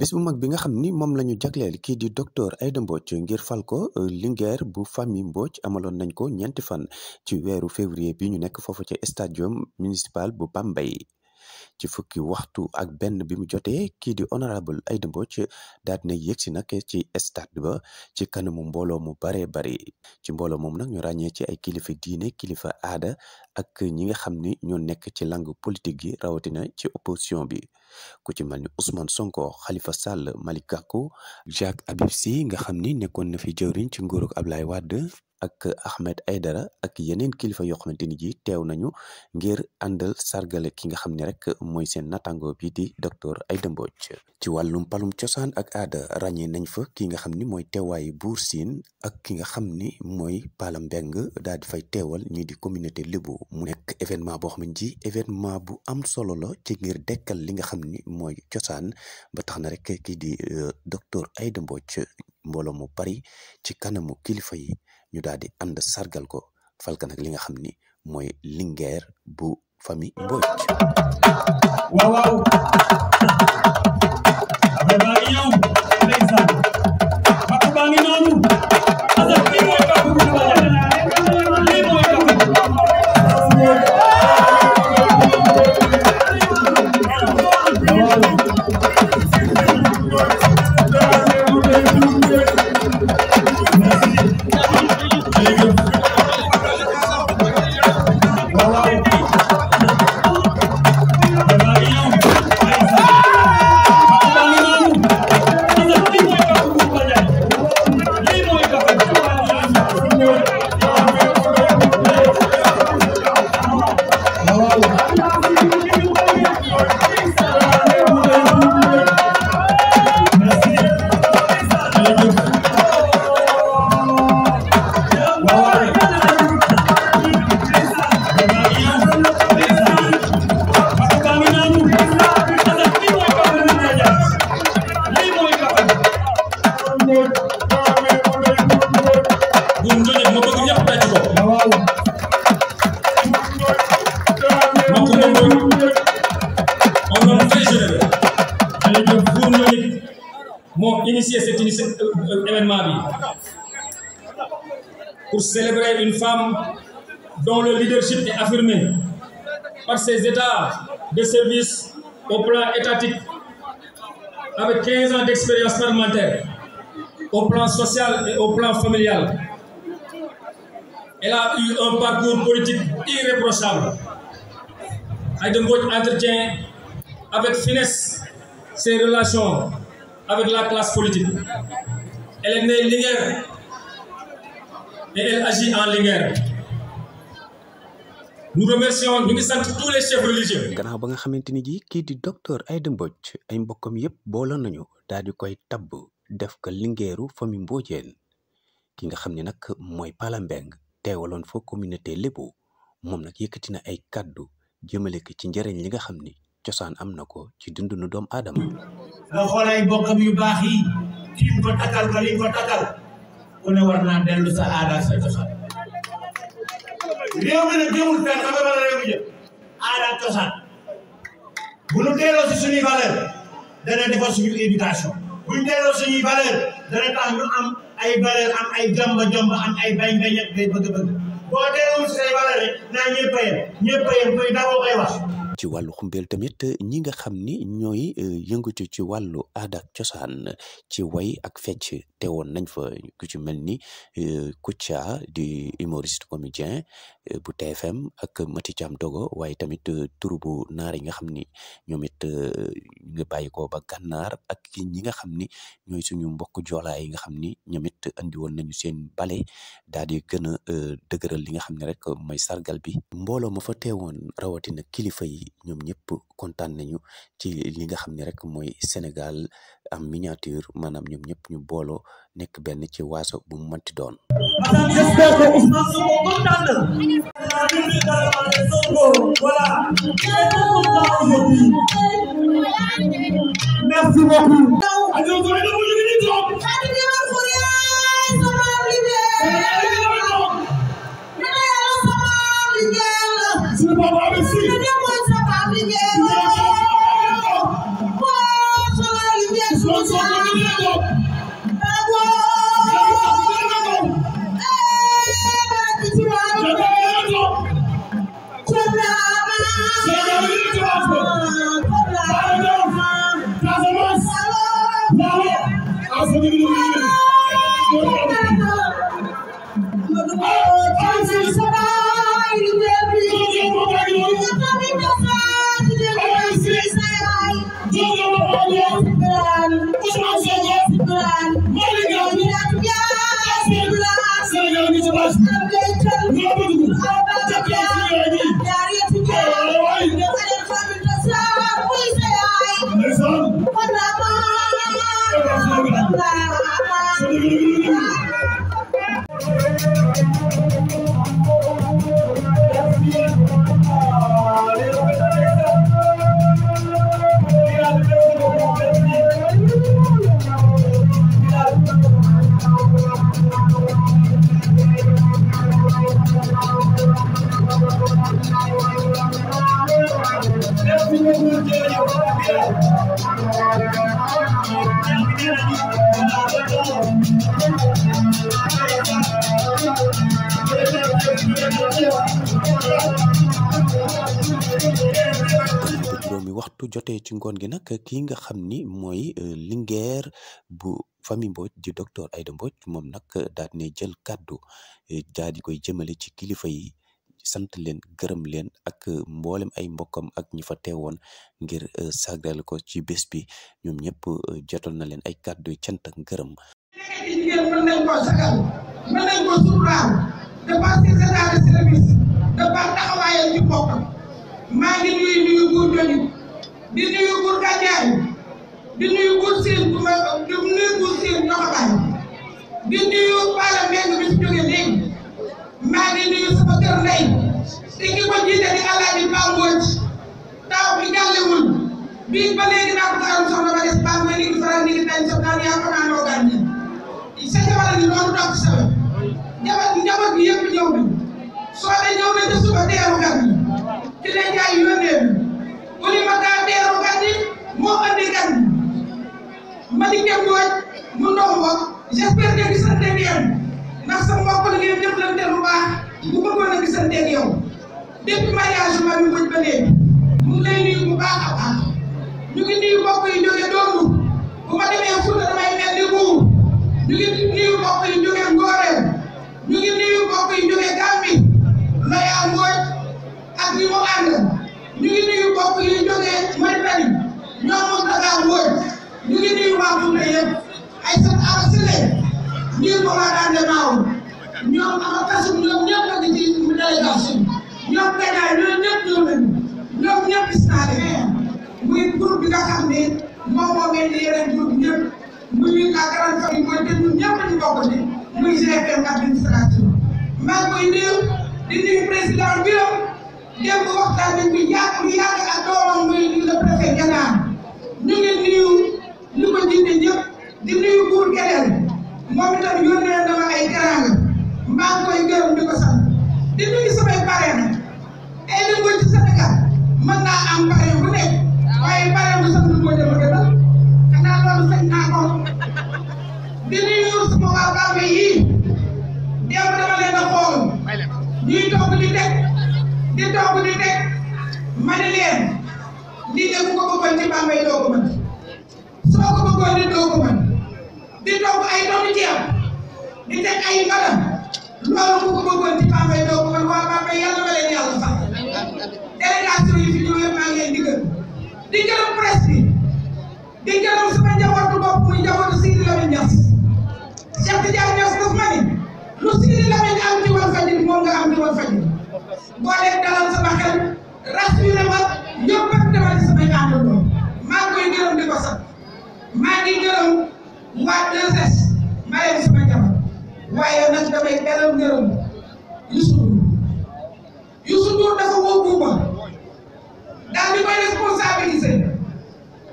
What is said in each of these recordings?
bis bu mag bi nga xam ni moom la ñu jagleel kii di docteur Aïda Mbodj ngir fal ko euh, Linguère bu famille Mbodj amaloon nañ ko ñeenti fan ci weeru février bi ñu nekk foofu ca stadium municipal bu Bambey ci fukki waxtu ak benn bi mu jotee kii di honorable Aïda Mbodj daal dina yëg si nag ci stade ba ci kanamu mbooloo mu baree bari ci mbooloo moom nag ñu ràññee ci ay kilifa diine kilifa aada ak ñi nga xam ni ñoo nekk ci langue politique gi rawatina ci opposition bi ku ci mel ni Ousmane Sonko xalifa Sall Malick Gakou Jacques Habib Sy nga xam ni nekkoon na fi jëwriñ ci nguurug Ablaye Wade ak Ahmed Aidara ak yeneen kilifa yoo xamante ni ji teew nañu ngir àndal sargale ki nga xam ni rek mooy seen natango bi di docteur Aïda Mbodj ci wàllum palum cosaan ak aada ràññee nañ fa ki nga xam ni mooy teewaay buur siin ak ki nga xam ni mooy Pala Mbeng daal di fay teewal ñii di communauté Lébu mu nekk événement boo xam ne ji événement bu am solo la ci ngir dekkal li nga xam ni mooy cosaan ba tax na rek kii di euh, docteur Aïda mboj mbooloo mu pari ci kanamu kilifa yi ñu daal di ànd sargal ko fal ko nag li nga xam ni mooy lingeer bu famille Mbodj. waaw waaw. Nous initié cet événement pour célébrer une femme dont le leadership est affirmé par ses états de service au plan étatique avec 15 ans d'expérience parlementaire au plan social et au plan familial elle a eu un parcours politique irréprochable. Aïda entretient avec finesse ses relations avec la classe politique. Elle est née Liguerre et elle agit en Liguerre. Nous remercions nous nous tous les chefs religieux. gannaaw ba nga xamanteni ji ki di docteur Aïda Mbodj ay mbokkam yépp boole nañu dal di koy tab def ko lingeeru fami Mbodjeen ki nga xamni ne moy palambeng teewaloon fa communauté lébu moom nag yëkkati ay kàddu jëmale ci njariñ li nga xam ni cosaan am na ko ci dundunu doom aadama. nga xool bokkam yu baax yi ko takkal ko liñ ko takkal ku ne war naa dellu sa aada cosaan réew nu delloo si suñuy dana defar suñu dana tax ñu am. ay valeur am ay jomba jomba am ay bañ-bañ ak day bëgg-bëgg boo teewul say valeur rek naa ñëpp a yem ñëpp a yem koy dawoo koy wax. ci wàllu xumbeel tamit ñi nga xam ni ñooy e, yëngatu ci wàllu aada cosaan ci way ak fecc teewoon nañ fa ku ci mel ni e, Kouthia di humoriste comédien e, bu TFM ak Mati Thiam Dogo waaye tamit turu bu naar yi nga xam ni ñoom it nga bàyyi ko ba gànnaar ak ñi nga xam ni ñooy suñu mbokk joolaa yi nga xam ni ñoom it andi woon nañu seen bale daal di gën a dëgëral li nga xam ne rek mooy sargal bi mbooloo ma fa teewoon rawatina kilifa yi ñoom ñëpp kontaan nañu ci li nga xam ni rek mooy Sénégal am miniature maanaam ñoom ñëpp ñu booloo nekk benn ci waso bu mu mënti doon. waxtu jotee ci ngoon gi nag kii nga xam ni mooy euh, lingeer bu famille Mbodj di docteur Aïda Mbodj moom nag daal ne jël kàddu e, daal di koy jëmale ci kilifa yi sant leen gërëm leen ak euh, mboolem ay mbokkam ak ñi fa ngir e, sargal ko ci bés bi ñoom ñépp e, jotal na leen ay kàddu cant ak gërëm. jigéen nañ koo sagal mën nañ koo suturaal dafa service dafa taxawaayam ci bokkam maa ngi nuyu nuyu góor jooju di nuyu buur Kajaan di nuyu buur Siin bu ma di nuyu buur Siin Ndoxabaan di nuyu Paala Mbengue bi fi jógee léegi maa ngi nuyu sama kër ndey te ki ko jiite di Alaaji Pambooj taw bi jàllewul bii ba léegi naa ko aram soxna ba des baa ma ni ko faral ni ngi tañ soxna yaa ko naa loo gànne sa jabar ni loolu topp sa jabar njaboot gi yëpp ñëw bi soo dee ñëw Mbaye Mbooj mu ndox ma j'espère que gisanteeg yow ndax sa mbokk la ngeen jëflante lu baax bu bëggoon a gisanteeg yow depuis mariage ma mi Mbaye ba léegi mu ngi lay nuyu bu baax a baax ñu ngi nuyu mbokk yi jóge doomu bu ma demee Fuuta damay mel ni buur ñu ngi nuyu mbokk yi jóge Ngoreel ñu ngi nuyu mbokk yi jóge Gàmbi Maya Mbooj ak ñi mu ànd ñu ngi nuyu mbokk yi jóge Mauritanie ñoom moom Dakar Mbooj ñu ngi nuyu waa Louga yëpp ay sat arasile ngir ko laa daan naaw ñoom ama kasum ñoom ñëpp a ngi ci délégation ñoom gànnaay ñoom ñëpp ñoo leen ñoom ñëpp gis naa leen muy groupe bi nga xam ne moom moo ngeen di yeneen groupe ñëpp muy la di nuyu di toog di teg ma ne leen lii de ku ko bëggoon ci Bambey doo ko mën soo ko bëggoon di doo ko mën di toog ay tonu ceeb di teg ay mbalam loolu ku ko bëggoon ci Bambey doo ko mën waa Bambey yàlla ma leen yàlla sax délégation yi fi ñëw yëpp maa ngi leen di gën ci damay beral ngërëm Youssou Ndour Youssou Ndour dafa woo buuba daal di koy responsabilisé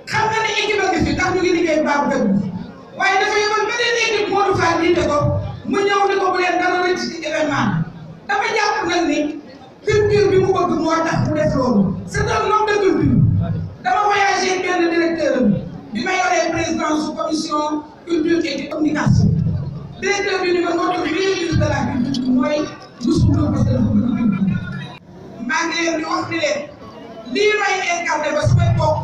xam nga ne équipe a ngi fi ndax ñu ngi liggéey baabu dëgg waaye dafa yebal beneen équipe Modou Fall jiite ko mu ñëw ne ko bu leen dara rëcc ci événement dafa jàpp nag ni culture bi mu bëgg moo tax mu def loolu c'est un homme de culture dama voyagé benn directeur bi ma yoree président sous commission culture et communication directeur bi ni ma nga doon ministre de la culture mooy Youssou Ndour parce que dafa bëgg dugg maa ngi leen di wax ni leen lii may incarné ba samay bopp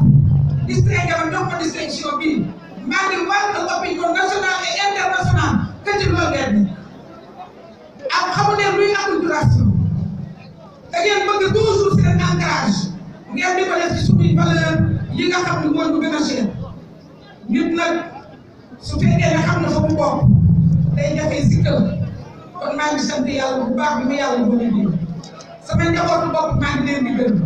distingué ma jox ko distinction bii maa ngi war na opinion nationale et internationale que ci loolu ngeen ne ak ne luy acculturation da ngeen bëgg toujours seen ancrage ngeen di ko def ci suñuy valeur yi nga xam ne mooy lu gën a cher nit nag su fekkee ne xam na fa mu bopp day ngi sant mu yàlla boole leen gërëm.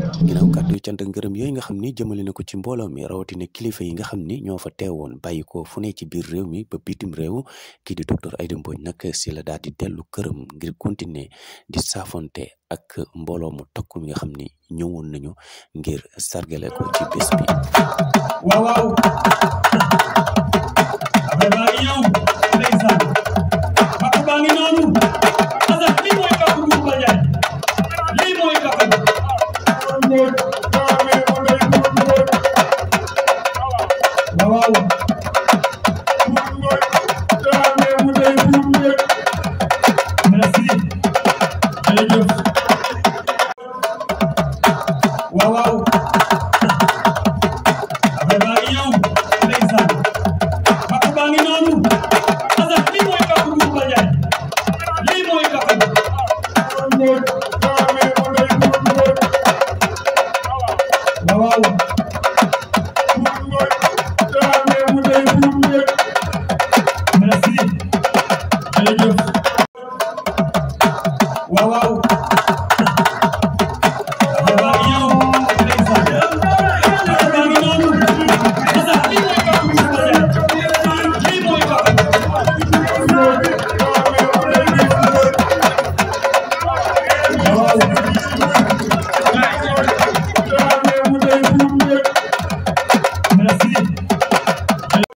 yooyu nga xam ni jëmale na ko ci mbooloo mi rawatina kilifa yi nga xam ni ñoo fa teewoon bàyyi ko fu ne ci biir réew mi ba bitim réew kii di docteur Aïda Mbodj nag si la daal di dellu këram ngir continuer di saafonte ak mbooloo mu tokk mi nga xam ni ñëwoon nañu ngir sargale ci bés bi.